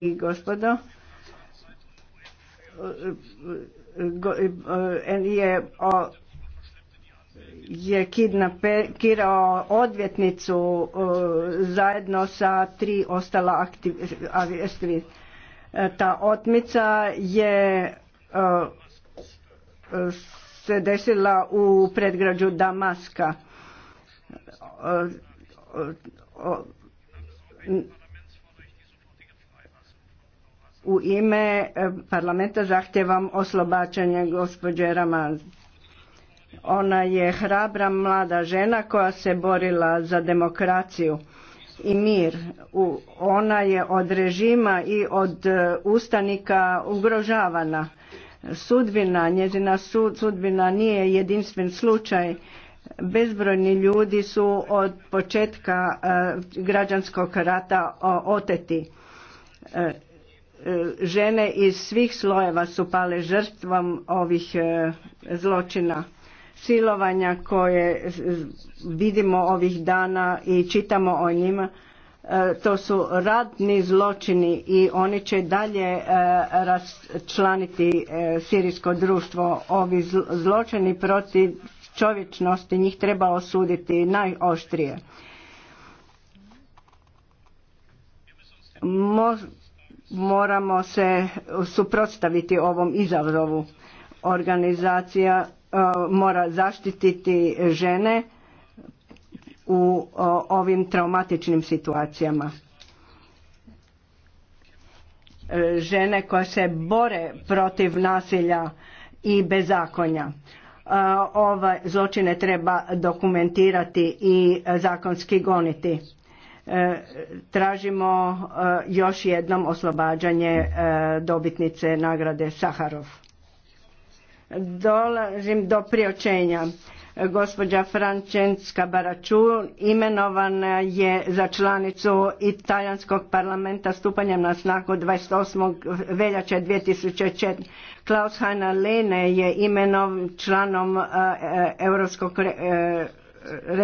i gospodo e, je, je kidnapirao odvjetnicu e, zajedno sa tri ostala aktivisti. E, ta otmica je se desila u predgrađu Damaska u ime e, parlamenta zahtjevam oslobađanje gospođe Raman. Ona je hrabra mlada žena koja se borila za demokraciju i mir. Ona je od režima i od e, ustanika ugrožavana. Sudbina, njezina sudbina nije jedinstven slučaj. Bezbrojni ljudi su od početka e, građanskog rata oteti E, žene iz svih slojeva su pale žrtvom ovih e, zločina silovanja koje vidimo ovih dana i čitamo o njima e, to su radni zločini i oni će dalje članiti sirijsko društvo ovi zločini protiv čovječnosti njih treba osuditi najoštrije moramo se suprotstaviti ovom izazovu. Organizacija e, mora zaštititi žene u ovim traumatičnim situacijama. E, žene koje se bore protiv nasilja i bezakonja. E, ove zločine treba dokumentirati i zakonski goniti E, tražimo e, još jednom oslobađanje e, dobitnice nagrade Saharov. Dolazim do priočenja. Gospođa Francenska Baračul imenovana je za članicu Italijanskog parlamenta stupanjem na snagu 28. veljače 2004. Klaus Heiner Lene je imenovan članom Europskog